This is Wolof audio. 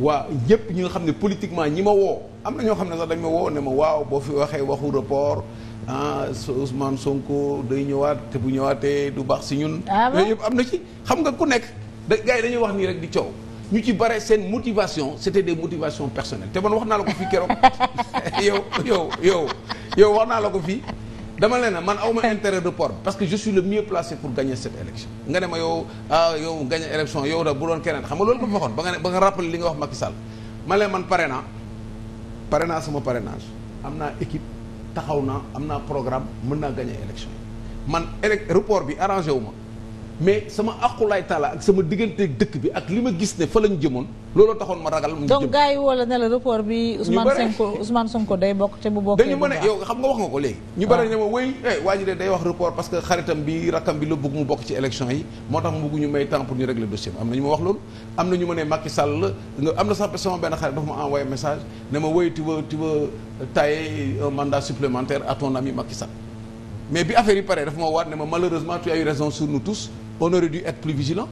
waaw yëpp ñu nga xam ne politiquement ñi ma woo am na ñoo xam ne sax dañ ma woo ne ma waaw boo fi waxee waxu report ah Ousmane Sonko day ñëwaat te bu ñëwaatee du baax si ñun. Ah yooyu yëpp am na ci xam nga ku nekk da gars yi dañuy wax nii rek di coow. ñu ci bare seen motivation c'était des motivations personnel te man wax naa la ko fii keroog yow yow yow yow wax naa la ko fii. dama leen man aw ma eh. intérêt de port parce que je suis le mieux placé pour gagner cette élection nga ne yow ah, yow gagné élection yow da bu doon keneen xam nga loolu nga ma waxoon ba nga ne ba nga rappelé li nga wax Macky Sall ma leen man pare naa pare naa sama parrainage am naa équipe taxaw naa am naa programme mën naa gagné élection man élec report bi arrangé wu ma mais sama aqulaay taala ak sama digganteeg dëkk bi ak li ma gis ne fa lañ jëmoon looloo taxoon ma ragal. mu jëm donc gars yi woo ne la report bi. Ousmane Sonko Ousmane day bokk te bu bokkee dañu mën a yow xam nga wax nga ko léegi. Ah. ne ma wéy eh, waa ji de day wax que xaritam bi rakkam bokk ci yi moo tax mu bëgg ñu may temps pour ñu régler dossier am na loolu. am na ñu ma ne Macky Sall am na sax sama benn xarit dafa ma envoyé message ne ma wéy tu veux tu veux tailler un mandat supplémentaire à ton ami Macky Sall mais bi affaire yi paree dafa ma waat ne ma malheureusement tu as raison sur on aurait dû être plus vigilant